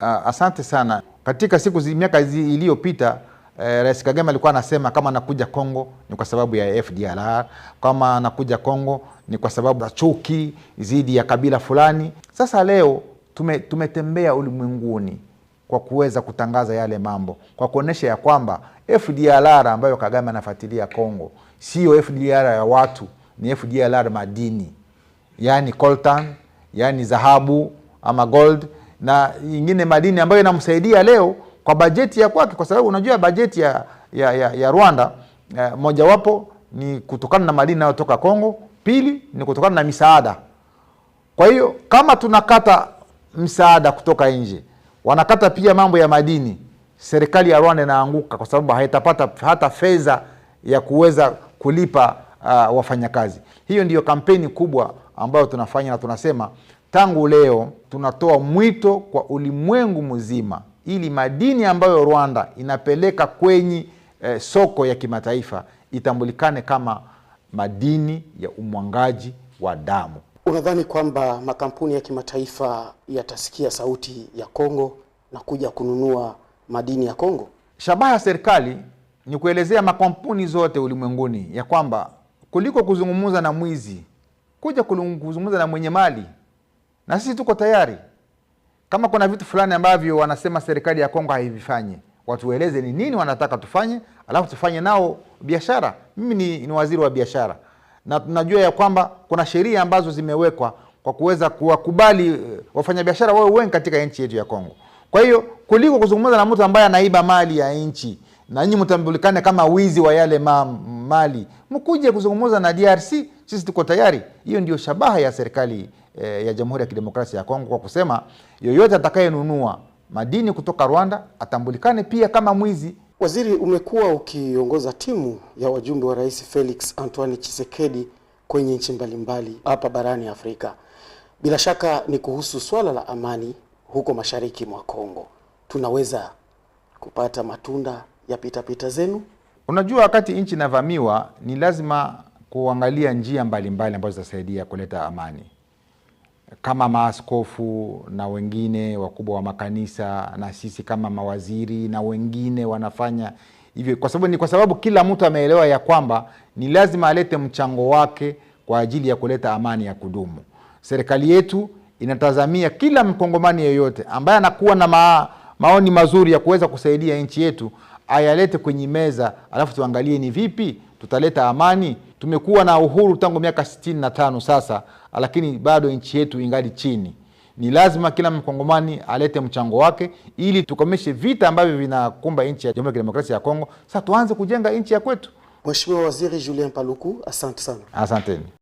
Ah, asante sana. Katika siku zi, miaka iliyopita eh, Rais Kagame alikuwa anasema kama anakuja Kongo ni kwa sababu ya FDLR, kama anakuja Kongo ni kwa sababu ya chuki dhidi ya kabila fulani. Sasa leo tume, tumetembea ulimwenguni kwa kuweza kutangaza yale mambo kwa kuonyesha ya kwamba FDLR ambayo Kagame anafuatilia Kongo sio FDLR ya watu, ni FDLR madini, yaani coltan, yaani dhahabu ama gold na nyingine madini ambayo inamsaidia leo kwa bajeti ya kwake, kwa sababu unajua bajeti ya, ya, ya, ya Rwanda eh, mojawapo ni kutokana na madini nayotoka Kongo, pili ni kutokana na misaada. Kwa hiyo kama tunakata msaada kutoka nje, wanakata pia mambo ya madini, serikali ya Rwanda inaanguka kwa sababu haitapata hata fedha ya kuweza kulipa uh, wafanyakazi. Hiyo ndiyo kampeni kubwa ambayo tunafanya na tunasema Tangu leo tunatoa mwito kwa ulimwengu mzima ili madini ambayo Rwanda inapeleka kwenye eh, soko ya kimataifa itambulikane kama madini ya umwangaji wa damu. Unadhani kwamba makampuni ya kimataifa yatasikia sauti ya Kongo na kuja kununua madini ya Kongo? Shabaha ya serikali ni kuelezea makampuni zote ulimwenguni ya kwamba kuliko kuzungumza na mwizi, kuja kuzungumza na mwenye mali na sisi tuko tayari. Kama kuna vitu fulani ambavyo wanasema serikali ya Kongo haivifanyi, watueleze ni nini wanataka tufanye, alafu tufanye nao biashara. Mimi ni, ni waziri wa biashara na tunajua ya kwamba kuna sheria ambazo zimewekwa kwa kuweza kuwakubali eh, wafanyabiashara wawe wengi katika nchi yetu ya Kongo. Kwa hiyo kuliko kuzungumza na mtu ambaye anaiba mali ya nchi na nyinyi mtambulikane kama wizi wa yale ma, mali, mkuje kuzungumza na DRC, sisi tuko tayari. Hiyo ndio shabaha ya serikali eh, ya Jamhuri ya Kidemokrasia ya Kongo kwa kusema yoyote atakayenunua madini kutoka Rwanda atambulikane pia kama mwizi. Waziri, umekuwa ukiongoza timu ya wajumbe wa Rais Felix Antoine Tshisekedi kwenye nchi mbalimbali hapa barani Afrika. Bila shaka ni kuhusu swala la amani huko mashariki mwa Kongo. Tunaweza kupata matunda ya pitapita pita zenu? Unajua, wakati nchi inavamiwa ni lazima kuangalia njia mbalimbali ambazo mbali zitasaidia kuleta amani kama maaskofu na wengine wakubwa wa makanisa na sisi kama mawaziri na wengine wanafanya hivyo kwa sababu ni kwa sababu kila mtu ameelewa ya kwamba ni lazima alete mchango wake kwa ajili ya kuleta amani ya kudumu. Serikali yetu inatazamia kila mkongomani yeyote ambaye anakuwa na ma, maoni mazuri ya kuweza kusaidia nchi yetu ayalete kwenye meza, alafu tuangalie ni vipi tutaleta amani Tumekuwa na uhuru tangu miaka sitini na tano sasa, lakini bado nchi yetu ingali chini. Ni lazima kila mkongomani alete mchango wake ili tukomeshe vita ambavyo vinakumba nchi ya Jamhuri ya Kidemokrasia ya Kongo. Sasa tuanze kujenga nchi ya kwetu. Mheshimiwa Waziri Julien Paluku, asante sana. Asanteni.